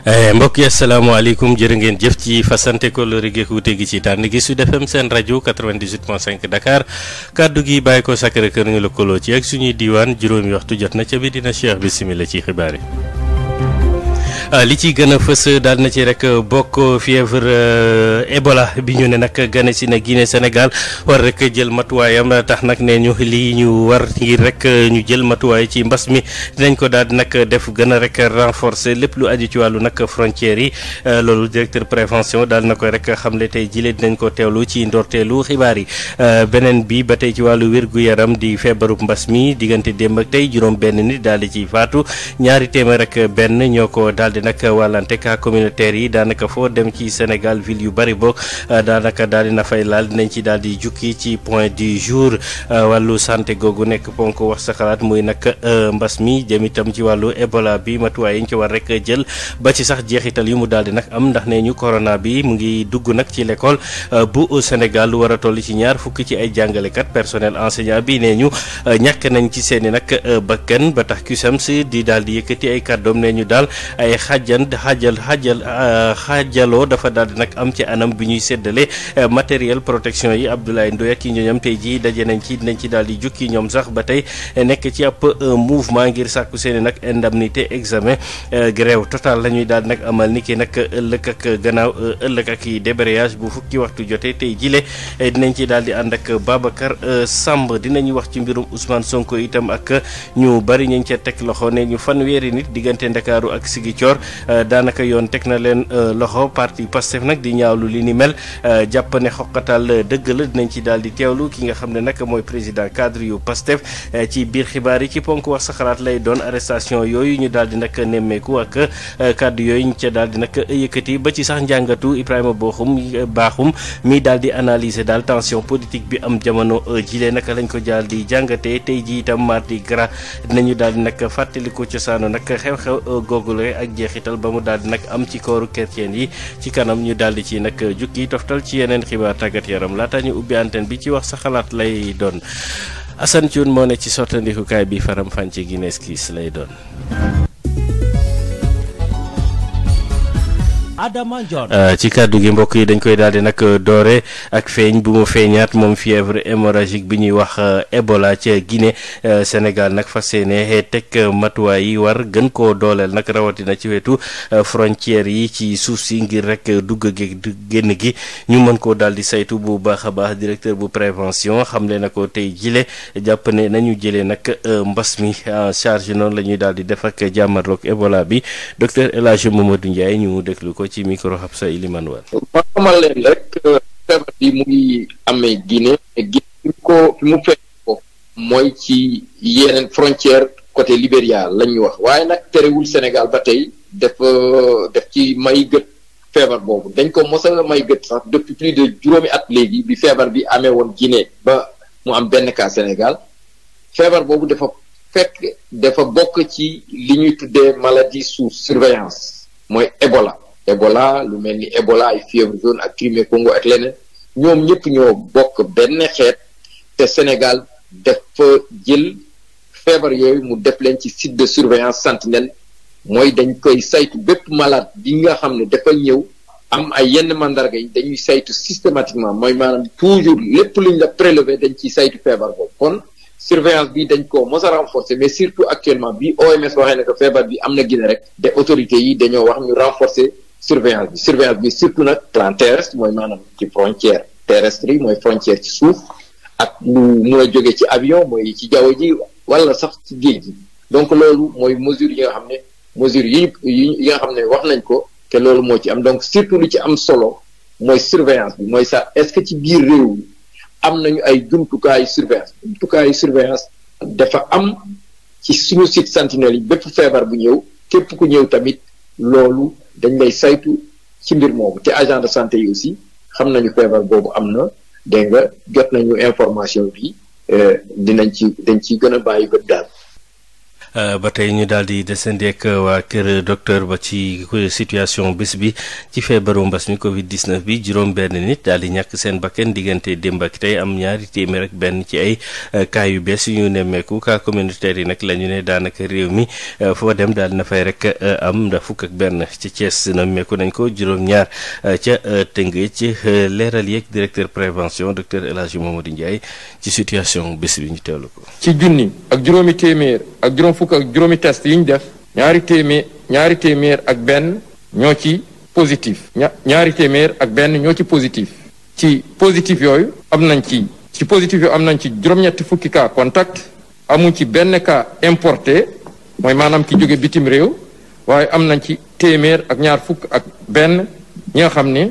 Eh, mbokk yi asalaamaaleykum jërë ngeen jëf ci fasante kóllëre gi wuute gi ci tànn gi Sud FM seen rajo 98.5 Dakar kàddu gi bàyyi ko Sacré Cœur ñu lëkkaloo ci ak suñuy diiwaan juróomi waxtu jot na ca bi dina Cheikh bisimilah ci xibaar yi. Euh, li ci gën a fës daal na ci rek euh, bokk fièvre euh, Ebola bi ñu ne nag gane si na Guinée Sénégal war rek jël matuwaayam tax nag ne ñu lii ñu war ngir rek ñu jël matuwaay ci mbas mi dinañ ko daal di nag def gën a rek renforcer lépp lu aju ci wàllu nag frontières yi loolu directeur prévention daal na koy rek xamle tey jile dinañ ko teewlu ci ndorteelu xibaar yi beneen bi ba tey ci wàllu wérgu yaram di feebarub mbas mi diggante démb ak tey juróom benn nit daal di ciy faatu ñaari téeméer benn ñoo ko daal di nag wàllante cas yi daanaka foo dem ci Sénégal ville yu bëri boog euh, daanaka daal di na fay laal dinañ ci daal di jukki ci point du jour euh, wàllu sante googu nekk ponk wax sa xalaat muy nag euh, mbas mi jëm itam ci wàllu Ebola bi matuwaay yi ñu ci war rek jël ba ci sax jeexital yi mu daal di nag am ndax nee ñu corona bi mu ngi dugg nag ci lekool bu Sénégal lu war a toll ci ñaar fukki ci ay jàngalekat personnel enseignant bi nee ñu ñàkk nañ ci seen i nag bakkan ba tax CUSEMS di daal di yëkkati ay kàddoom nee ñu daal ay xajal xajjal xajjal euh, xaajaloo dafa daal nag am ci anam bi ñuy séddale euh, matériel protection yi Abdoulaye Ndoye ak ñoom tey jii daje nañ ci dinañ ci daal di jukki ñoom sax ba tey euh, nekk ci ab mouvement ngir sàkku seeni nag indemnité examen grève total la ñuy daal nag amal ni ki nag ëllëg ak gannaaw ëllëg ak yi débrayage bu fukki waxtu jotee tey jile dinañ ci daal di ànd ak Babacar Samb dinañu wax ci mbirum usmaan Sonko itam ak ñu bari ñu ca teg loxo ne ñu fanweeri nit diggante Ndakaaru ak Ziguinchor Euh, daanaka yoon teg na leen euh, loxo parti Pastef nag di ñaawlu li ni mel euh, jàpp ne xoqatal dëgg la dinañ ci daal di teewlu ki nga xam ne nag mooy président cadre yu Pastef ci biir xibaar yi ci ponk wax sa xalaat lay doon arrestation yooyu ñu daal di nag nemmeeku ak kàddu yooyu ñu ca daal di nag yëkkati ba ci sax njàngatu Ibrahima Booxum baaxum mii daal di analyser daal tension politique bi am jamono jile naka lañ ko daal di jàngatee tey ji itam mardi gras dinañu daal di nag fàttaliku cosaanu nag xew-xew jeexital ba mu daal di nag am ci kooru chrétien yi ci kanam ñu daal di ci nag jukki toftal ci yeneen xibaar tàggat yaram laata ñu ubbi antenne bi ci wax sa xalaat lay doon Assane Thioune moo ne ci sottandikukaay bi faram-fànce Guinness kiis lay doon. Adama euh, ci kàddu gi mbokk yi dañ koy daal di nag euh, doore ak feeñ bu mu feeñaat moom fièvre hémorragique bi ñuy wax euh, Ebola ca Guinée Sénégal nag fas yéene teg matuwaay yi war gën koo dooleel nag rawatina ci wetu frontières yi ci suuf si ngir rek dugg gi génn gi ñu mën koo daal di saytu bu baax a baax directeur bu prévention xamle na ko tey jile jàpp ne nañu jëlee nag mbas mi en charge noonu la ñuy daal di def ak jàmmarloog Ebola bi docteur El Hadj Mamadou Ndiaye ñu déglu ko. ci micro Habsa Elimane Wane. ma xamal leen rek feebar bi mu ngi amee Guinée Guinée fi mu fekk ko mooy ci yeneen frontière côté liberia lañ ñu wax waaye nag terewul Sénégal ba tey def euh, def ci may gët feebar boobu dañ ko mos a may gët sax depuis plus de juróomi at léegi bi feebar bi amee woon Guinée ba mu am benn cas Sénégal feebar boobu dafa fekk dafa bokk ci li ñuy tuddee maladie sous surveillance mooy Ebola Ebola lu mel ni Ebola ay fièvre jaune ak Crimée Congo ak leneen ñoom ñëpp ñoo bokk benn xeet te Sénégal dafa jël feebar yooyu mu def leen ci site de surveillance sentinelle mooy dañ koy saytu bépp malade bi nga xam ne dafa ñëw am ay yenn mandarga yi dañuy saytu systématiquement mooy maanaam toujours lépp luñ la prélevé dañ ciy saytu feebar boobu kon surveillance bi dañ ko mos a renforcer mais surtout actuellement bi OMS waxee ne que feebar bi am na Guinée rek te autorités yi dañoo wax ñu surveillance bi bi surtout nag plan terrestre mooy maanaam ci frontière terrestre yi mooy frontière ci suuf ak lu mun jóge ci avion mooy ci jaww ji wala sax ci géej gi donc loolu mooy mesure yi nga xam ne mesure yi yi nga xam ne wax nañ ko te loolu moo ci am donc surtout lu ci am solo mooy surveillance bi mooy sax est-ce que ci biir réew mi am nañu ay jumtukaayu surveillance jumtukaayu surveillance dafa am ci suñu site sentinelle yi bépp feebar bu ñëw képp ku ñëw tamit loolu dañ lay saytu ci mbir moomu te agent de santé yi aussi xam nañu feebar boobu am na dégg nga jot nañu information bi euh, dinañ ci dañ ci gën a bàyyi bët daal Euh, ba tey ñu daal di desandi ak euh, waa kër docteur ba ci situation bés bi ci feebaru mbas mi Covid 19 bi juróom-benn nit daal di ñàkk seen bakken diggante démb ak tey am ñaari téeméer ak benn ci ay euh, cas yu bees yu ñu nemmeeku cas yi nag la ñu ne daanaka réew mi foo dem daal na fay rek am fukk ak benn ci Thiès nemmeeku nañ ko juróom-ñaar ca Tëngéej ci leeral yeeg directeur prévention docteur El Hadji Mamadou Ndiaye ci situation bés bi ñu teewlu ko. fukk ak juróomi test yi ñu def ñaari téeméer ñaari téeméer ak benn ñoo ci positif ñaari téeméer ak benn ñoo ci positif ci positif yooyu am nañ ci ci positif yooyu am nañ ci juróom-ñetti fukki cas contact amuñ ci benn cas importé mooy maanaam ki jóge bitim réew waaye am nañ ci téeméer ak ñaar fukk ak benn ñi nga xam ni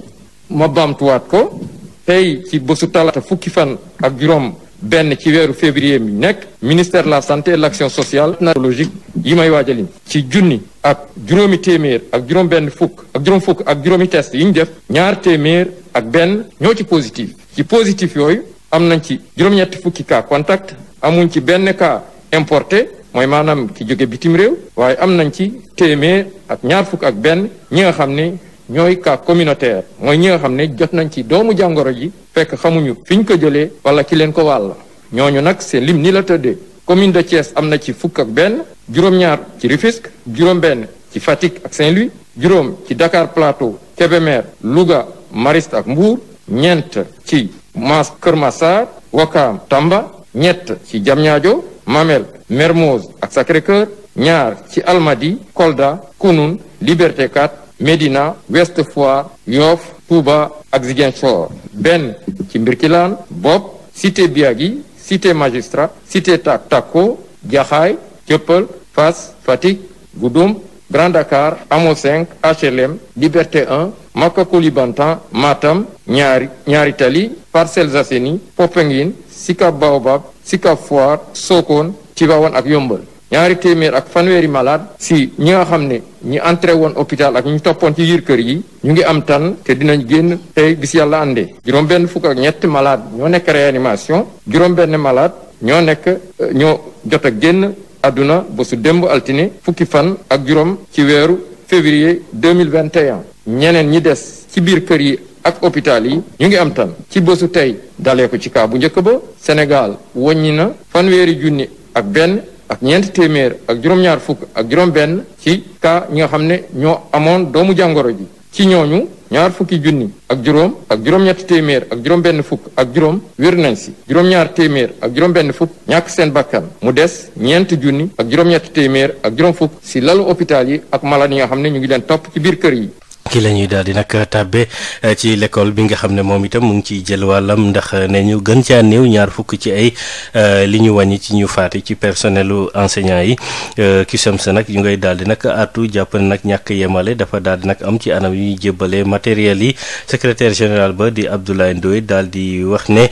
ma baamtuwaat ko tey ci bësu talaata fukki fan ak juróom benn ci weeru février mi nekk ministère de la santé et l'action sociale narologique yi may waajalin ci junni ak juróomi téeméer ak juróom benn fukk ak juróom fukk ak juróomi test yi def ñaar téeméer ak benn ñoo ci positif ci positif yooyu am nañ ci juróom-ñetti fukki cas contact amuñ ci benn ka importé mooy maanaam ki jóge bitim réew waaye am nañ ci téeméer ak ñaar fukk ak benn ñi nga xam ni ñooy cas communautaire mooy ñi nga xam ne jot nañ ci doomu jàngoro ji fekk xamuñu fi ñu ko jëlee wala ki leen ko wàll ñooñu nag seen lim ni la tëddee commune de Thiès am na ci fukk ak benn juróom-ñaar ci Rufisque juróom-benn ci Fatick ak Saint-Louis juróom ci Dakar Plateau Kébémer Louga marist ak Mbour ñeent ci Mass Kër Massar Wakaam Tamba ñett ci Diamniadio Mamel Mermoz ak Sacré-Cœur ñaar ci almadi Kolda Kounoune Liberté 4 Médina Ouest Foire Yoff Touba ak Ziguinchor benn ci Mbirkilaan Bopp Cité Biagui Cité Magistrat Cité Tak Takko Jaxaay Jëppal Fass Fatick Goudomp Grand Dakar Hamo HLM Liberté 1 Maka Koulibantang Matam ñaari Tali Parcelles Assainies Popenguine Sicap Baobab Sicap Foire Sokone Tivaouane ak Yombal ñaari téeméer ak fanweeri malade si ñi nga xam ne ñi entré woon hôpital ak ñu toppoon ci biir kër yi ñu ngi am tan te dinañ génn tey bis yàlla àndee juróom benn fukk ak ñetti malade ñoo nekk réanimation juróom benn malade ñoo nekk euh, ñoo jot ak génn àdduna bésu démb altine fukki fan ak juróom ci weeru février 2021 ñeneen ñi des ci biir kër yi ak hôpital yi ñu ngi am tan ci bësu tey dalee ko ci kaa bu njëkk ba Sénégal wàññi na fanweeri junni ak benn ak ñeent téeméer ak juróom-ñaar fukk ak juróom-benn ci kaa ñi xam ne ñoo amoon doomu jàngoro ji ci ñooñu ñaar fukki junni ak juróom ak juróom-ñetti téeméer ak juróom-benn fukk ak juróom wér nañ si juróom-ñaar téeméer ak juróom-benn fukk ñàkk seen bakkan mu des ñeent junni ak juróom-ñetti téeméer ak juróom fukk si lalu hôpital yi ak malade yi nga xam ne ñu ngi leen topp ci biir kër yi ki la ñuy daal di nag tàbbe eh, ci lekkool bi nga xam ne moom itam mu ngi ciy jël wàllam ndax ne ñu gën caa néew ñaar fukk ci ay eh, li ñu wàññi ci ñu faati ci personnelu enseignant yi eh, kisam sa nag ñu ngay daal di nag àttu jàpp ne nag ñàkk yemale dafa daal di nag am ci anam yu ñuy jébbalee matériel yi secretaire général ba di Abdoulaye Ndoye daal di wax ne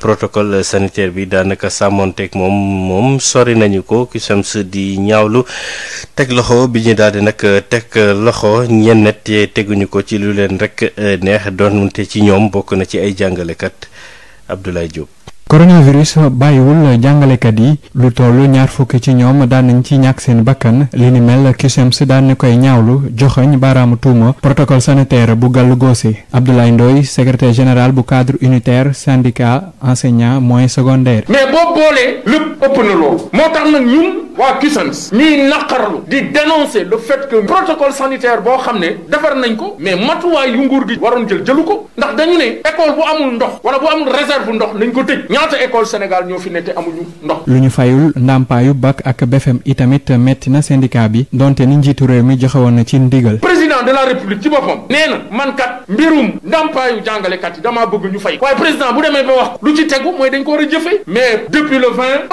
protocole sanitaire bi daanaka sàmmonteeg moom moom sori nañu ko kisam sa di ñaawlu teg loxo bi ñu daal di nag teg loxo ñennet teguñu ko lu leen rek eh, neex doonte ci ñoom bokk na ci ay jàngalekat Abdoulaye Diop. coronavirus bàyyiwul jàngalekat yi lu toll ñaar fukki ci ñoom daan nañ ci ñàkk seen bakkan li ni mel CUSEMS e daan na koy ñaawlu joxoñ baaraamu tuuma protocole sanitaire bu gàllu goose Abdoulaye Ndoye secrétaire général bu cadre unitaire syndicat enseignant moyen secondaire. mais boo boolee lépp ëpp na loolu moo tax nag ñun waa Kisans ñuy naqarlu di dénoncer le fait que protocole sanitaire boo xam ne defar nañ ko mais matuwaay yu nguur gi waroon jël jëlu ko ndax dañu ne école bu amul ndox wala bu amul réserve ndox nañ ko tëj ñaata école Sénégal ñoo fi nekk amuñu ndox. lu ñu fayul ndàmpaayu BAC ak BFM itamit metti na syndicat bi donte ni njiitu réew mi joxe woon na ci ndigal. président de la république ci boppam nee na man kat mbirum ndàmpaayu jàngalekat yi damaa bëgg ñu fay waaye président bu demee ba wax ci tegu mooy dañ ko war a jëfee mais depuis le vingt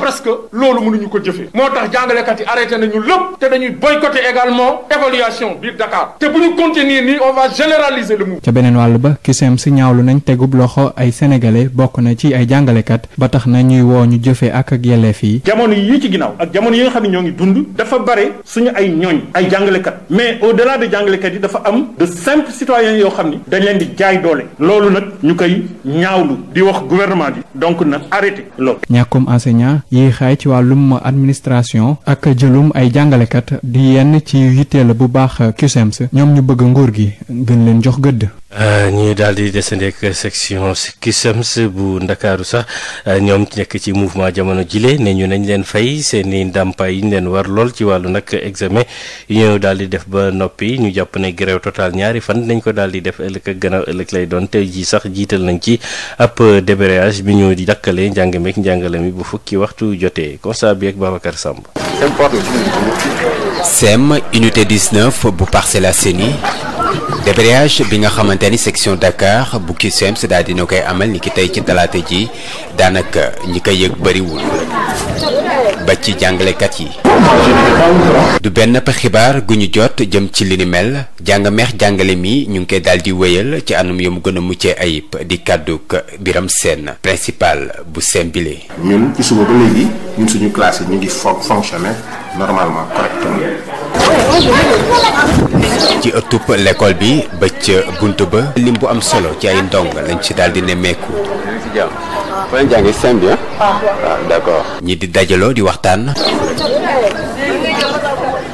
presque loolu mënuñu ko jëfee moo tax jàngalekat yi arrêté nañu lépp te dañuy boycotter également évaluation biir Dakar te bu ñu continuer nii on va généraliser le mouvement. ca beneen wàll ba kisem si ñaawlu nañ tegub loxo ay sénégalais bokk na ci ay jàngalekat ba tax na ñuy woo ñu jëfee ak ak yelleef yi. jamono yii ci ginnaaw ak jamono yi nga xam ne ñoo ngi dund dafa bare suñu ay ñooñ ay jàngalekat mais au delà de jàngalekat yi dafa am de simples citoyens yoo xam ni dañ leen di jaay doole loolu nag ñu koy ñaawlu di wax gouvernement bi donc na arrêté loolu. ñàkkum enseignant yi xaay ci wàllum administration ak jëlum ay jàngalekat di yenn ci yitteel bu baax CUSEMS ñoom ñu bëgg nguur gi gën leen jox gëdd Euh, ñuy daal di desandi ak section CUSEMS bu ndakaaru sax euh, ñoom nekk ci mouvement jamono jile ne ñu nañ leen fay seen i ndàmpaay yi ñu leen war lool ci wàllu nag examen yi ñëw daal di def ba noppi ñu jàpp ne grève total ñaari fan nañ ko daal di def ëllëg ak gannaaw ëllëg lay doon tey jii sax jiital nañ ci ab débrayage bi ñu dakkalee njàngameek meeg njàngale mi bu fukki waxtu jotee constat bi ak Babacar Samb. SEM unité 19 bu débrayage bi nga xamante ni section Dakar bu CUSEMS daal dina koy amal ni ki tey ci talaata ji daanaka ñi koy yëg bariwul ba ci jàngalekat yi. du benn xibaar gu ñu jot jëm ci linimel jàngameex jàngale mi ñu ngi koy daal di wéyal ci anam yu mu gën a muccee ayib di kàdduk Biram Seen principal bu Sembile. ñun ci suba ba léegi ñun suñu classe yi ñu ngi fonctionner normalement correctement. ci ëttub lekkool bi ba ca bunt ba lim bu am solo ci ay ndong lañ ci daal di nemmeeku. waaw d'accord ñi di dajaloo di waxtaan.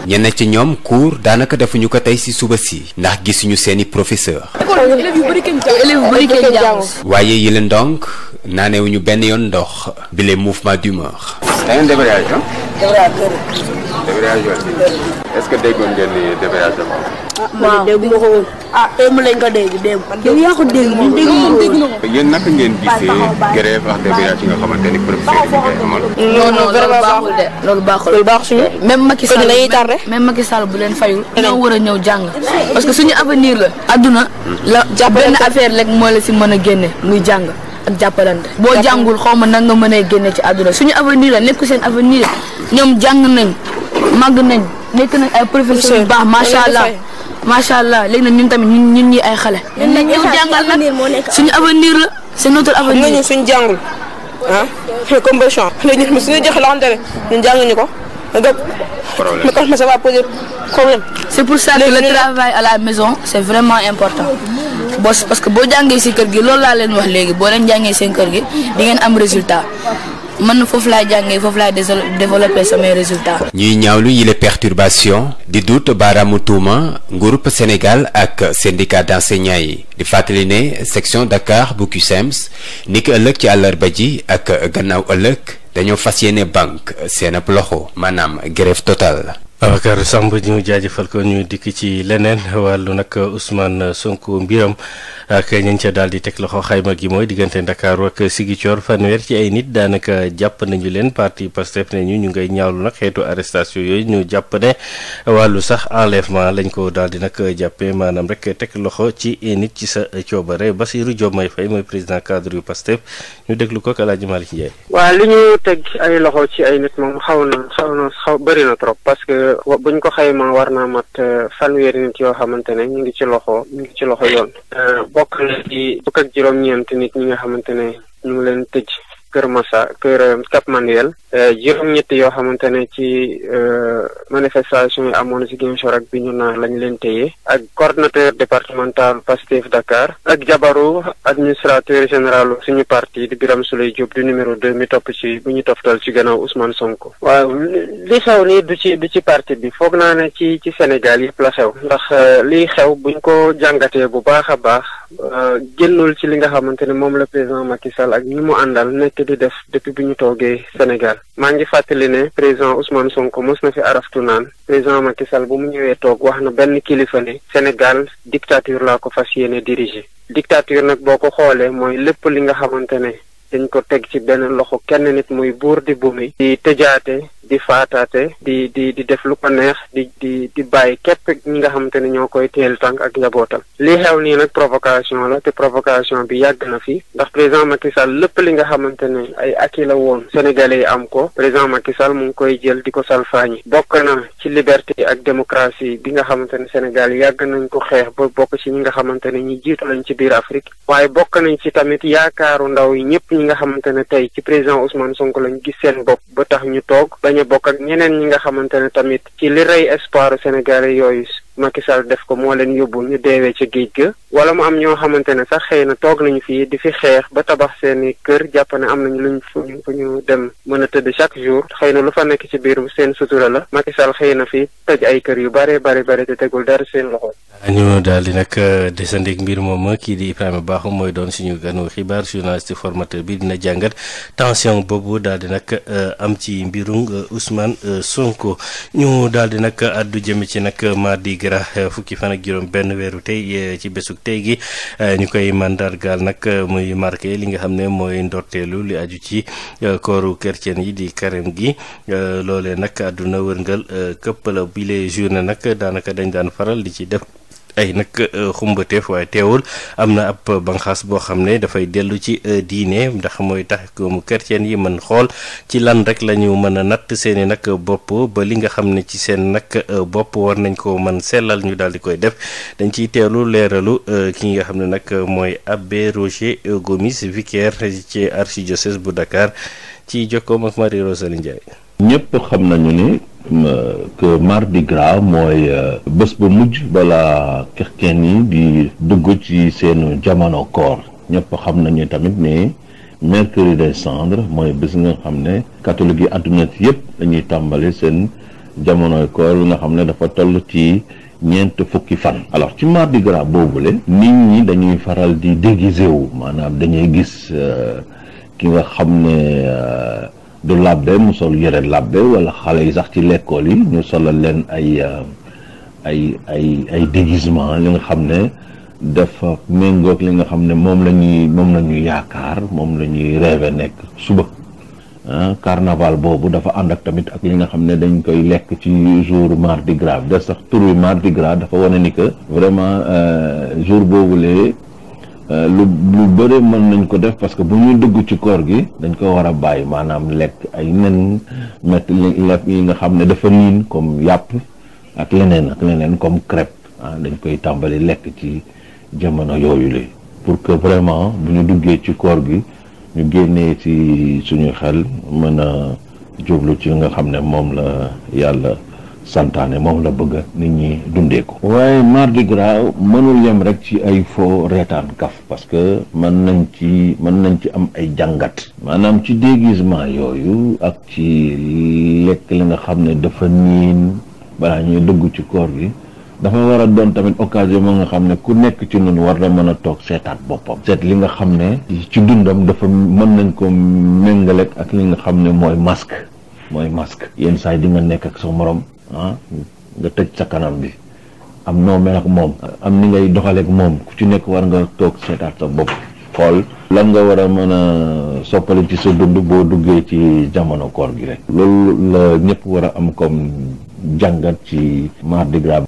ñenn ci ñoom cours daanaka defuñu ko tey ci suba si ndax gisuñu seeni professeur waaye yële ndonk naanewuñu benn yoon ndox bile mouvement d'humeur waaw dégg ma ko woon ah, ko dégg démb. yow yaa ko dégg ñun dégg ma ko woon. baaxul de loolu baaxul. loolu baaxul suñu même Macky Sall même Macky Sall bu leen fayul. dañoo war a ñëw jàng parce que suñu avenir la. adduna la jàpp benn affaire rek moo la si mën a génne muy jàng. ak jàppalante boo jàngul xaw ma nan nga mën a génne ci àdduna suñu avenir la nekku seen avenir ñoom jàng nañ màgg nañ nekk nañ ay professeur yu baax macha allah macha allah léegi nag ñun tamit ñun ñun ñii ay xale. ñun nag jàngal nag suñu avenir la c'est notre avenir. ñun suñu jàngul ah comme ba champs léegi ñun suñu joxe loo xamante ne ñun jànguñu ko donc. problème mais ça va poser problème. c'est pour ça que le à la maison c'est vraiment important. bos parce que boo jàngee si kër gi loolu laa leen wax léegi boo leen jàngee seen kër gi di ngeen am résultat. man foofu laa jàngee foofu laa développé samay résultats. ñuy ñaawlu yile perturbation di duut baaraamu tuuma groupe Sénégal ak syndicat d'enseignants yi di fàttali ne section Dakar bu CUSEMS niki ëllëg ci àllarba ji ak gannaaw ëllëg dañoo fas yéene banque seen ab loxo maanaam grève totale. Babacar Samb ñu jaajëfal ko ñu dikk ci leneen wàllu nag Ousmane Sonko mbiram ak ñañ daal di teg loxo xayma gi mooy diggante Dakar ak Ziguinchor fanweer ci ay nit daanaka jàpp nañu leen parti Pastef ne ñu ñu ngay ñaawlu nag xeetu arrestation yooyu ñu jàpp ne wàllu sax enlèvement lañ ko daal di nag jàppee maanaam rek teg loxo ci nit ci sa coobare Bassirou Diomaye Faye mooy président cadre yu Pastef ñu déglu ko ak El Hadj Malick li ñu teg ay loxo ci ay nit buñ ko xayma war naa mat euh, fanweeri nit yoo xamante ne ñu ngi ci loxo ñu ngi ci loxo yoon. Euh, bokk na ci fukk juróom-ñeent nit ñi nga xamante ne ñu ngi leen tëj. Kër Massa Kër euh, Cap Manuel euh, juróom-ñett yoo xamante ne ci euh, manifestation yi amoon si bi ñu Bignona lañ leen téye ak coordonnateur départemental Pastef Dakar ak jabaru administrateur général suñu parti di Birame Souleye Diop du numéro deux mi topp ci bu ñu toftal ci gannaaw Ousmane ko waaw li xew nii du ci du ci parti bi foog naa ne ci ci Sénégal yëpp la xew ndax li xew buñ ko jàngatee bu baax a baax génnul ci li nga xamante ne moom la président di def depuis bu ñu toogee Sénégal maa ngi fàttali ne président Ousmane Sonko mos na fi araftu naan président Macky Sall bu mu ñëwee toog wax na benn kilifa ne Sénégal dictature laa ko fas yéene diriger dictature nag boo ko xoolee mooy lépp li nga xamante ne dañ ko teg ci benn loxo kenn nit muy buur di bumi di tëjaate di faataate di di di def lu ko neex di di di bàyyi képp ñi nga xamante ne ñoo koy teel tànk ak njabootam li xew nii nag provocation la te provocation bi yàgg na fi ndax président Macky Sall lépp li nga xamante ne ay acquis la woon sénégalais yi am ko président Macky Sall mu ngi koy jël di ko salfaañi bokk na ci liberté ak démocratie bi nga xamante ne Sénégal yàgg nañ ko xeex ba bokk ci ñi nga xamante ne ñi jiitu lañ ci biir Afrique waaye bokk nañ ci tamit yaakaaru ndaw yi ñi nga xamante ne tey ci président Ousmane Sonko lañ gis seen bopp ba tax ñu toog ba a bokk ak ñeneen ñi nga xamante ne tamit ci li rey espoir sénégalais yooyu Macky Sall def ko moo leen yóbbu ñu deewee ca géej ga wala mu am ñoo xamante ne sax xëy na toog nañu fii di fi xeex ba tabax seeni kër jàpp ne am nañu luñ ñu mën a tëdd chaque jour xëy na lu fa nekk ci biir seen sutura la Macky Sall xëy na fii tëj ay kër yu bare bare bare tegul dara seen loxo. ñu daal di nag euh, desandeeg mbir moom kii di Ibrahima Bakhoum mooy doon suñu ganu xibaar journaliste formateur bi dina jàngat tension boobu daal di nag euh, am ci mbirum euh, usman sunko ñu daal di nag addu jëme ci nag mardi Hijra eh, fukki fan ak juróom benn weeru tey eh, ci bésug tey gi eh, ñu koy mandargaal nag muy marqué li nga xam ne mooy ndorteelu li aju ci kooru chrétien yi di carême gi loole nag àdduna wërngal këpp la bile journée nag daanaka dañ daan faral di ci def ay nag euh, xumbateef waaye teewul am na ab banqaas boo xam ne dafay dellu ci euh, diine ndax mooy tax mu chrétien yi mën xool ci lan rek la ñu mën a natt seen i nag bopp ba li nga xam ne ci seen nag euh, bopp war nañ ko mën sellal ñu daal di koy def dañ ciy teelu leeralu ki nga xam ne nag mooy abbé Roger Gomis vicaire ci archidiocèse bu Dakar ci jokkoom ak Marie Rosaline Ndiaye ñëpp xam nañu ne que mardi gras mooy euh, bés ba mujj balaa kerkeen yi di dugg ci seen jamono koor ñëpp xam nañu tamit ne mercredi des cendres mooy bés nga xam ne catholique yi àdduna si yëpp dañuy tàmbali seen jamonoy koor nga xam ne dafa toll ci ñeent fukki fan alors ci mardi gras boobule nit ñi dañuy faral di déguisé wu maanaam dañuy gis euh, ki nga xam ne euh, du làbbe mu sol yëre làbbe wala xale yi sax ci lekkool yi ñu solal leen ay euh, ay ay ay déguisement li nga xam ne dafa méngoog li nga xam ne moom la ñuy moom la ñuy yaakaar moom la ñuy rêve nekk suba ah, carnaval boobu dafa ànd ak tamit ak li nga xam ne dañ koy lekk ci jour mardi gras de sax tur wi mardi gras dafa wane ni que vraiment euh, jour boobu lee Euh, lu lu bëre mën nañ ko def parce que bu ñuy dugg ci koor gi dañ ko war a bàyyi maanaam lekk ay nen métti lekk yi nga xam ne dafa niin comme yàpp ak leneen ak leneen comme crêpe ah dañ koy tàmbali lekk ci jamono yooyu la pour que vraiment bu ñu duggee ci koor gi ñu génnee ci suñu xel mën a jublu ci nga xam ne moom la yàlla santaane moom la bëgg nit ñi dundee ko. waaye mardi gras mënul yem rek ci ay fo reetaan kaf parce que man nañ ci mën nañ ci am ay jàngat. maanaam ci déguisement yooyu ak ci lekk li nga xam ne dafa niin balaa ñuy dugg ci koor gi. dafa war a doon tamit occasion moo nga xam ne ku nekk ci nun war na mën a toog seetaat boppam seet li nga xam ne ci dundam dafa mën nañ ko méngaleeg ak li nga xam ne mooy masque mooy masque yenn saa yi di nga nekk ak sa morom Ah, nga tëj sa kanam bi am noo mel ak moom am ni ngay doxaleek moom ku ci nekk war nga toog seetaat sa bopp xool lan nga war a mën a soppali ci sa dund boo duggee ci jamono koor gi rek loolu la ñëpp war a am comme jàngat ci Mardi Gras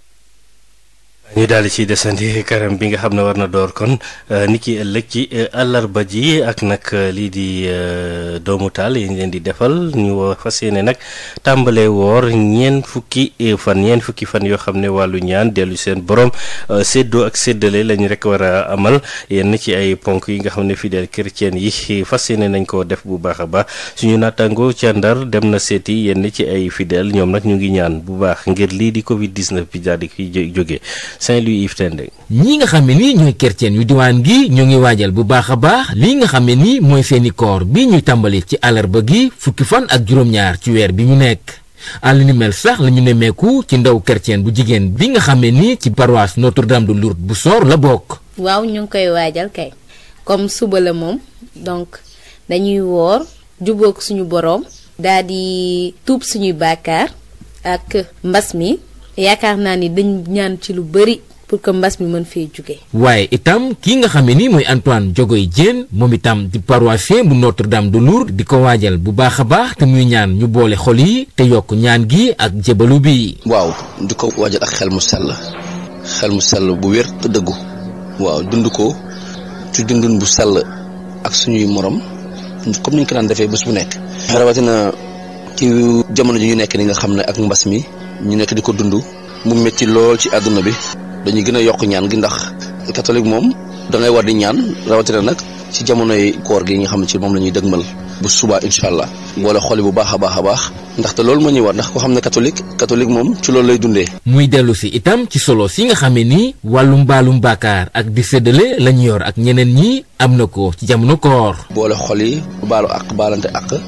ñu daal di ci desandi karam bi nga xam ne war na door kon euh, ni ki ëllëg ci euh, àllarba ji ak nag euh, lii di doomu taal yi leen di defal ñu fas yéene nag tàmbale woor ñeen fukki fan ñeen fukki fan yoo xam ne wàllu ñaan dellu seen borom séddoo ak séddale lañ rek war a amal yenn ci ay ponk yi nga xam ne kër chrétien yi fas yéene nañ koo def bu baax a baax suñu naataango ca ndar dem na seeti yenn ci ay fidèle ñoom nag ñu ngi ñaan bu baax ngir lii di Covid 19 bi daal di fi jóge Saint-Louis Iftende ñii nga xam ne nii ñooy kertien wi diwaan gi ñoo ngi waajal bu baax a baax lii nga xam ne nii mooy seeni koor bi ñu tàmbali ci alarba gi fukki fan ak juróom-ñaar ci weer bi ñu nekk àll mel sax la ñu nemmeeku ci ndaw kerceen bu jigéen bi nga xam ne nii ci paroisse Notre-Dame de Lourdes bu soor la bokk. waaw ñu ngi koy waajal kay comme suba la moom donc dañuy woor jubóog suñu boroom daal di tuub suñuy bàkkaar ak mbas mi. yaakaar naa ni dañ ñaan ci lu bari pour que mbas mi mën fee jóge waaye itam kii nga xam ne nii mooy Antoine Diogoye Diène moom itam di paroissien bu Notre-Dame du luur di ko waajal bu baax a baax te muy ñaan ñu boole xol yi te yokk ñaan gi ak jébalu bi. waaw di ko waajal ak xel mu sell xel mu sell bu wér te dund ko ci dundun bu sell ak suñuy morom comme ni ñu ko daan defee bés bu nekk. rawatina ci jamono ji ñu nekk ni nga xam ne ak mbas mi. ñu nekk di ko dund mu métti lool ci àdduna bi dañuy gën a yokk ñaan gi ndax catholique moom da ngay war di ñaan rawatina nag ci jamonoy koor gi nga xam ne ci moom la ñuy dëgmal bu subaa incha allah boole xoli bu baax a baax a baax ndaxte loolu moo ñuy war ndax ko xam ne katolik katolik moom ci loolu lay dundee. muy dellu si itam ci solo si nga xamee ni wàllum baalum baakaar ak bi séddale la ñu yor ak ñeneen ñi am na ko ci jamono koor. boole xol yi baalu baalante àq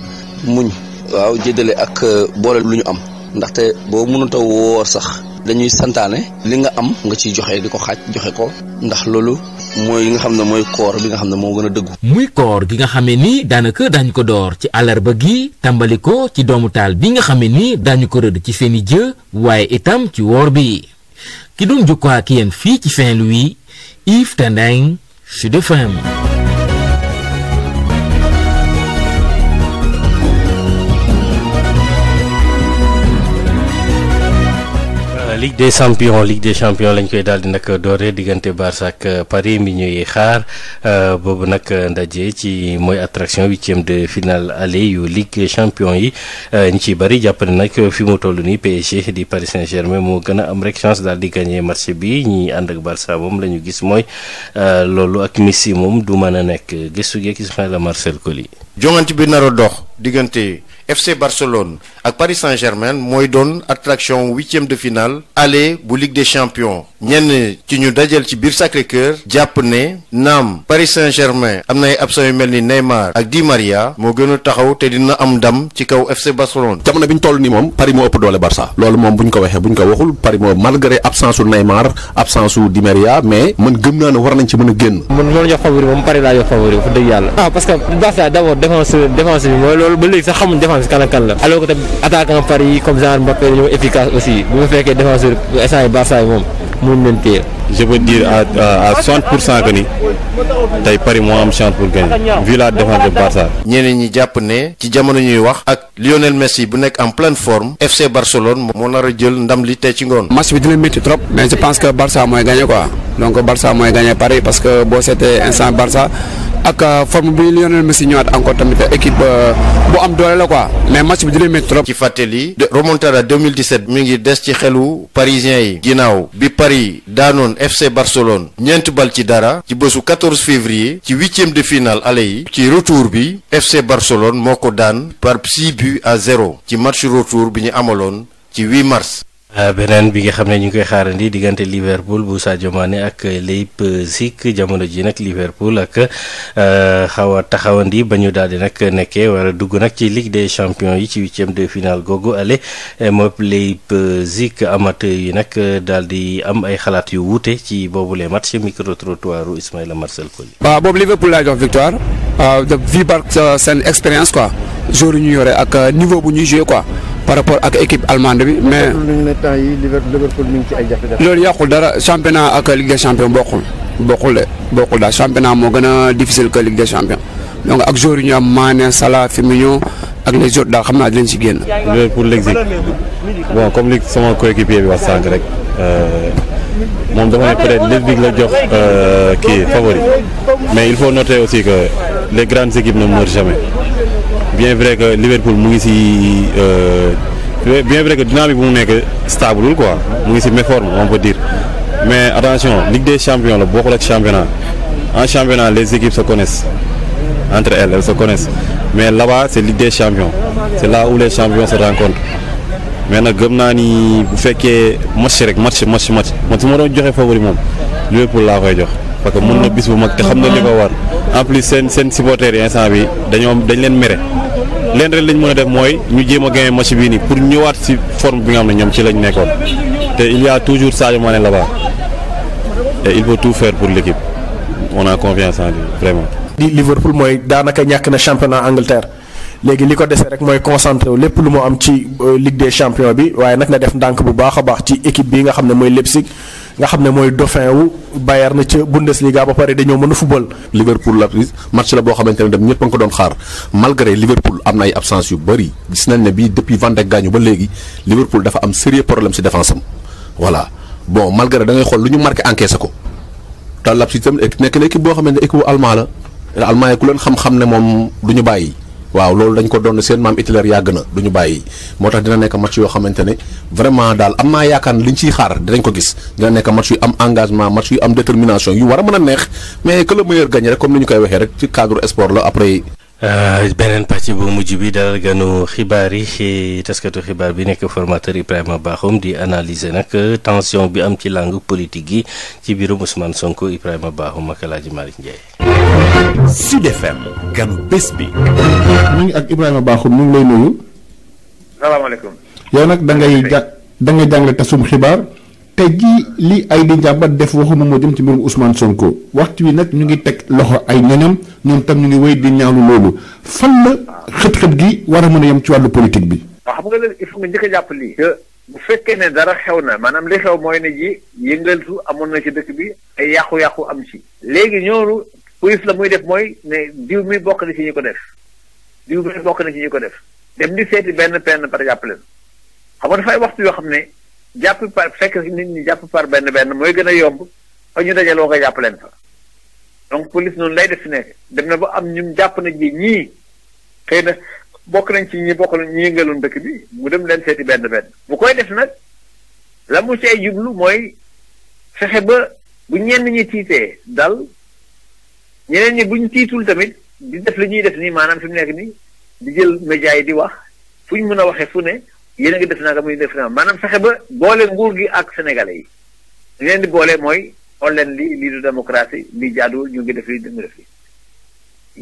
muñ. waaw jéddale ak boole lu ñu am. ndaxte boo mënut a woor sax dañuy santaane li nga am nga ciy joxe di ko xaaj joxe ko ndax loolu mooy yi nga xam ne mooy koor bi nga xam ne moo gën a dëggu. muy koor gi nga xamee ni daanaka daañu ko door ci àllarba gi tàmbali ko ci doomu taal bi nga xamee ni daañu ko rëdd ci seen i jë waaye itam ci woor bi ki doon jokkoo ak fii ci saint wi Yves Tendeng Sud FM Ligue des champions Ligue des champions lañ koy daal di nag doore diggante Barça ak Paris mi ñuy xaar euh, boobu nag ndaje ci mooy attraction huitième de finale aller yu Ligue champion yi euh, ñu ciy bëri jàpp nag fi mu toll nii PSG di Paris Saint-Germain moo gën a am rek chance daal di gagné match bi ñi ànd ak barsa moom la ñu gis mooy euh, loolu ak Messi moom du mën a nekk gëstu geeg Ismaïla Marcel Colly. joŋante bi nar dox diggante. FC Barcelone ak Paris Saint-Germain mooy doon attraction huitième de finale aller bu Ligue des champions ñenn ci ñu dajal ci biir Sacré-Cœur jàpp ne naam Paris Saint-Germain am na ay absents yu mel ni Neymar ak Di Maria moo gën a taxaw te dina am ndam ci kaw FC Barcelone. jamono bi ñu toll nii moom Paris moo ëpp doole Barça loolu moom bu ñu ko waxee bu ñu ko waxul Paris moom malgré absence su Neymar absence su Di Maria mais man gëm naa ne war nañ ci mën défense kan ak kan la alors que tamit attaquant par yi comme genre Mbappé dañoo moom mënuñ leen je peux dire à à pour cent ni tey Paris moo am chance pour gagner vu la défense de ñi jàpp ne ci jamono ñuy wax ak Lionel Messi bu nekk en pleine forme FC Barcelone moo nar jël ndam li tey ci ngoon. match bi dina métti trop mais je pense que Barça mooy gagné quoi donc Barça mooy gagné Paris parce que boo seetee instant Barça. ak euh, forme bi Lionel Messi ñëwaat encore tamit équipe euh, bu am doole la quoi mais match bi dina métti trop. ci fàttali remontada 2017 mu ngi des ci xelu parisien yi ginnaaw bi Paris daanoon FC Barcelone ñeent bal ci dara ci bésu 14 février ci huitième de finale aller yi ci retour bi FC Barcelone moo ko daan par 6 buts à 0 ci match retour bi ñu amaloon ci 8 mars. Euh, beneen bi nga xam ne ñu ngi koy xaarandi diggante Liverpool bu Sadio Mané ak Leipzig jamono ji nag Liverpool ak euh, xaw a taxawandi ba ñu daal di nag nekkee wara dugg nag ci Ligue des champions yi ci huitième de finale googu ale euh, moom Leipzig amateur yi nag daal di am ay xalaat yu wuute ci boobule match micro trottoir Ismaïla Marcel Colly. waaw boobu Liverpool laa jox victoire de vivre seen expérience quoi jour yu ñu yore ak niveau bu ñuy joué quoi. par rapport ak équipe allemande bi. mais loolu yàqul dara championnat ak ligue des champions bokkul bokkul de bokkul daal championnat moo gën a difficile que ligue des champions donc ak joueurs yi ñu am Mané Salah Firmino ak les autres daal xam naa dinañ si génn. loolu pour l'exig bon comme li sama coéquipier bi wax sànq rek. Euh, moom dama ne peut-être Leipzig la jox euh, ki favori mais il faut noter aussi que les grandes équipes ne meurent jamais. bien vrai que Liverpool mu ngi si euh, bien vrai que dynamique bu mu nekk stable quoi mu ngi si méforme on peut dire mais attention Ligue des champions la bokkul ak championnat en championnat les équipes sa connaissent entre elles sa se mais là-bas c'est Ligue des champions c'est là où les champions se rencontrent mais nag gëm naa ni bu fekkee match rek match match match man su ma doon joxe favori moom Liverpool laa koy jox parce que mun na bis bu mag te xam na li ko war. en plus seen seen supporters yi instant bi dañoo dañ leen mere leen rek lañ mën a def mooy ñu jéem a gagné match bii nii pour ñëwaat si form bi nga xam ne ñoom ci lañ nekkoon te il y a toujours Sadio Mané là-bas et il faut tout faire pour l'équipe on a confiance en di vraiment. di Liverpool mooy daanaka ñàkk na championnat Angleterre léegi li ko dese rek mooy concentré wu lépp lu mu am ci euh, Ligue des champions bi waaye nag na def ndànk bu baax a baax ci équipe bi nga xam ne mooy Leipzig nga xam ne mooy dauphin wu Bayern na ca Bundesliga ba pare dañoo mën a football. Liverpool la match la boo xamante ne dem ñëpp a nga ko doon xaar malgré Liverpool am na ay absence yu bëri gis nañ ne bii depuis Van Dijk gaañu ba léegi Liverpool dafa am sérieux problème si défense am voilà bon malgré da ngay xool lu ñu marqué encaissé ko. te Leipzig tam nekk na boo xamante ne équipe bu allemand la Allemagne ku leen xam-xam ne moom duñu bàyyi. waaw loolu dañ ko doon seen maam Hitler yàgg na du ñu bàyyi moo tax dina nekk match yoo xamante ni vraiment daal am naa yaakaar ne liñ ciy xaar dinañ ko gis dina nekk match yu am engagement match yu am détermination yu war a mën a neex mais que le meilleur gagne rek comme ni ñu koy waxee rek ci cadre sport la après. Euh, beneen pàcc bu mujj bi dalal ganu xibaar yi ci taskatu xibaar bi nekk formateur Ibrahima Bakhoum di analyser nag euh, tension bi am ci langue politique yi ci biirum Ousmane Sonko Ibrahima Bakhoum ak El Hadj Malick Ndiaye. Sud FM ganu bés bi. ñu ngi ak Ibrahima Bakhoum ñu ngi lay nuyu. salaamaaleykum. yow nag da ngay ja da ngay jàngale tasum xibaar. tey jii li ay di njàmbat def waxuma moo jëm ci mbirum Ousmane Sonko waxtu wi nag ñu ngi teg loxo ay ñoñam ñoom tam ñu ngi wéy di ñaawlu loolu fan la xët-xët gi war a mën a yem ci wàllu politique bi. waaw xam nga léegi il faut nga bu fekkee ne dara xew na maanaam li xew mooy ne ji yëngaltu amoon na ci dëkk bi ay yàqu-yàqu am ci. léegi ñooñu police la muy def mooy ne diw mi bokk na ci ñi ko def diw mi bokk na ci ñi ko def dem di seeti benn penn par jàpp leen xam nga dafay waxtu yoo xam ne jàpp par fekk nit ñi jàpp par benn benn mooy gën a yomb fa ñu dajaloo jàpp leen fa donc police noonu lay def si nekk dem na ba am ñu jàpp na ji ñii xëy bokk nañ ci ñi bokk nañ ñi yëngaloon dëkk bi mu dem leen seeti benn benn bu koy def nag la mu cay jublu mooy fexe ba bu ñenn ñi tiitee dal ñeneen ñi buñ tiitul tamit di def li ñuy def nii maanaam fi mu nekk nii di jël média yi di wax fu ñu mën a waxee fu ne yéen a ngi def nangam muy def nangam maanaam sexe ba boole nguur gi ak sénégalais yi li leen di boole mooy xool leen li lii du démocratie lii jaaduwul ñu ngi def lii dina def lii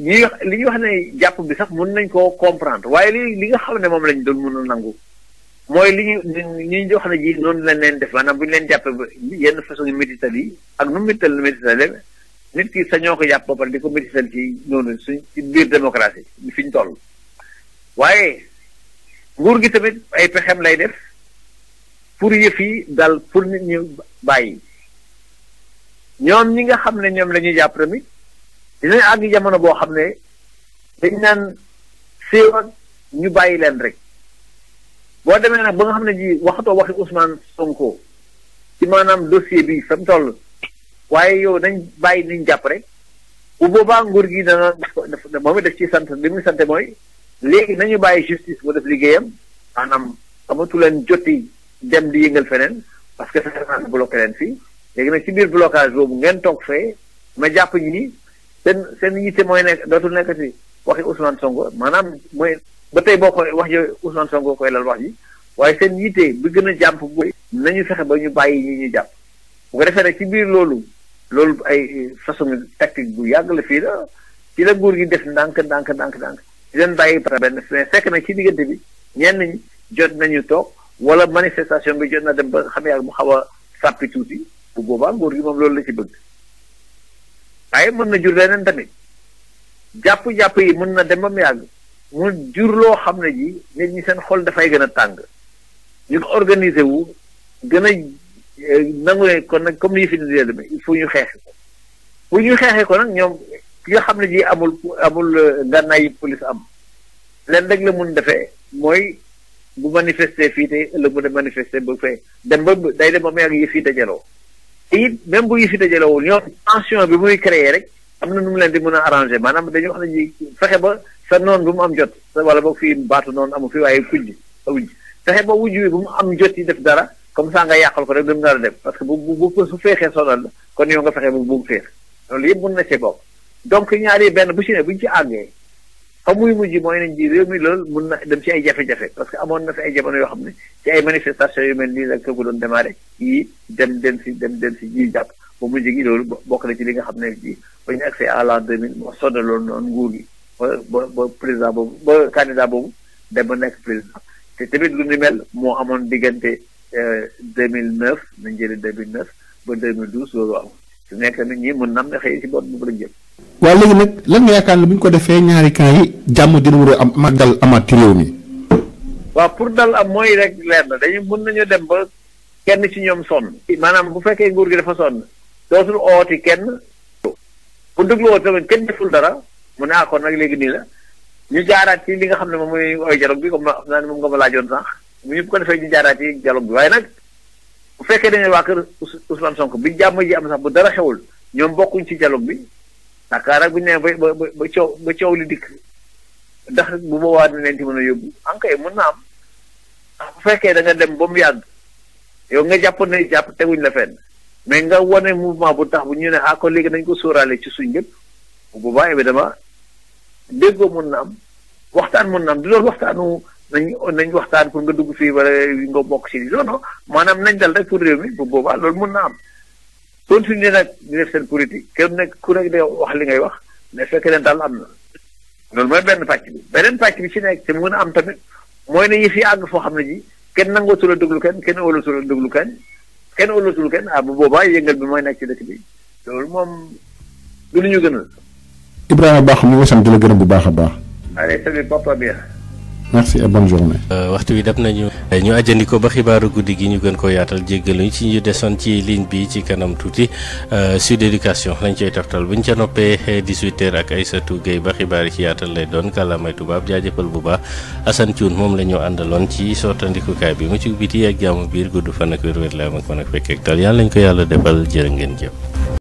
ñuy wax li ñuy wax ne jàpp bi sax mun nañ koo comprendre waaye li li nga xam ne moom lañ doon mën a nangu mooy li ñu ñi ñu wax ne ji noonu lañ leen def maanaam bu ñu leen jàppee ba yenn façon yu médital yi ak nu médital médital nit ki sañoo ko jàpp ba pare di ko médital ci noonu suñ ci biir démocratie fi ñu toll waaye. nguur gi tamit ay pexem lay def pour yëf yi dal pour nit ñi bàyyi ñoom ñi nga xam ne ñoom lañuy ñuy jàpp tamit dinañ àgg jamono boo xam ne dañ naan séew ak ñu bàyyi leen rek boo demee nag ba nga xam ne ji waxatoo waxi Ousmane Sonko ci maanaam dossier bi sam mu waaye yow nañ bàyyi niñ jàpp rek bu boobaa nguur gi dana moom it def ci sant li muy sant mooy léegi nañu bàyyi justice mu def liggéeyam maanaam amatu leen joti dem di yëngal feneen parce que fexe leen fii léegi nag ci biir blocage boobu ngeen toog fee ma jàpp ñi ni seen seen yitte mooy nekk dootul nekkati waxi Ousmane Sonko maanaam mooy ba tey boo koy wax yooyu Ousmane Sonko koy lal wax ji waaye seen yitte bi gën a jàmp booy nañu fexe ba ñu bàyyi ñi ñu jàpp bu ko defee nag ci biir loolu loolu ay façon tactique bu yàgg la fii la ci la nguur gi def ndànk ndànk ndànk ndànk di leen bàyyi par benn mais fekk na ci diggante bi ñenn ñi jot nañu toog wala manifestation bi jot na dem ba xam yàlla mu xaw a sàppi tuuti bu boobaa nguur gi moom loolu la ci bëgg waaye mën na jur leneen tamit jàpp-jàpp yi mën na dem ba mu yàgg mu jur loo xam ne ji nit ñi seen xol dafay gën a tàng ñu ko organiser wu gën a eh, nangu ne kon nag comme li fi nidee demee il faut ñu xeexe ko pour ñu xeexee ko nag ñoom yoo xam ne ji amul amul euh, gànnaay yi police am leen rek la mun defee mooy bu manifester fii te ëllëg mu de manifester ba fee dem ba day dem ba mu yàgg yi fii dajaloo te it même bu yi fii dajalowul ñoom tension bi muy créer rek am na nu mu leen di mën a arranger maanaam dañuy wax nañ ji fexe ba sa noon bu mu am jot wala boo fii baatu noonu amu fi waaye kujj a wujj fexe ba wujj wi bu mu am jot yi def dara comme ça nga yàqal ko rek dem nga a dem parce que bu bu su feexee sonal kon yow nga fexe ba bu féex loolu yëpp mën na see bokk donc ñaari benn bu ci ne bu ñu ci àggee fa muy mujj mooy nañ ji réew mi loolu mun na dem ci ay jafe-jafe parce que amoon na fi ay jamono yoo xam ne ci ay manifestation yu mel nii la ko doon démarré yii dem dem si dem dem si ji jàpp ba mujj gi loolu bokk na ci li nga xam ne ji ba ñu accès à l'an 2000 moo sonaloon noonu nguur gi ba ba ba président boobu ba candidat boobu dem ba nekk président te tamit lu ni mel moo amoon diggante 2009 euh, nañ jëlee 2009 ba 2012 loolu am su nekk tamit ñii mën na am ne xëy si bopp lañ jëm. waaye léegi nag lan nga yaakaar ne bu ñu ko defee jàmm dina war am mag dal amaat ci réew waaw pour dal am mooy rek leer na dañu mën nañu dem ba kenn ci ñoom sonn. maanaam bu fekkee nguur gi dafa sonn dootul ooti kenn. bu déglu woon tamit kenn deful dara mu ne ah, kon nag léegi nii la ñu jaaraat ci li nga xam ne moom mooy ooy dialogue bi comme ma xam naa ne nga ma laajoon sax mu ko defee ñu jaaraat ci dialogue waaye nag bu fekkee dañuy waa kër Ousmane sonk bi jàmm ji am sax bu dara xewul ñoom bokkuñ ci dialogue bi. Dakar ak bu ñu nee ba ba ba coow ba coow li dikk ndax bu boobaa dina leen ci mën a yóbbu ankay mën na am bu fekkee da dem ba mu yàgg yow nga jàpp ne jàpp teguñ la fenn mais nga wone mouvement bu tax bu ñu ne ako ah, léegi nañ ko sóoraale ci suñ gépp bu bi évidemment déggoo mun na am waxtaan mun na am du loolu waxtaanu nañ nañ waxtaan pour nga dugg fii wala nga bokk ci non non maanaam nañ dal rek pour réew mi bu boobaa loolu mën na am. continuer nag di def seen politique kenn ku nekk day wax li ngay wax mais fekk leen daal am na loolu mooy benn pàcc bi beneen pàcc bi ci nekk te mu mën a am tamit mooy ne yëf fi àgg foo xam ne ji kenn nangootu la déglu kenn kenn óolootu la déglu kenn kenn óolootu la kenn ah bu boobaa yëngal bi mooy nekk ci dëkk bi loolu moom du lu ñu gënal. Ibrahima Bakh ñu ngi sant la gërëm bu baax a baax. allez salut papa bien. merci et bonne journée. Euh, waxtu wi dem nañu. ñu àjjandiko ba xibaaru guddi gi ñu gën ko yaatal jéggaluñ ci ñu desoon ci ligne bi ci kanam tuuti euh, sud éducation lañ cay toftal buñ ca noppee 18h eh, ak Aïssatou Gueye ba xibaar yi ci yaatal lay doon kàllaamay tubaab jaajëfal bu baax Assane Thioune moom la ñu àndaloon ci sottandikukaay bi mu ci biti ak jàmm biir gudd fan ak wér-wér laa fekkeek tal yàlla lañ ko yàlla defal jërë ngeen jëf.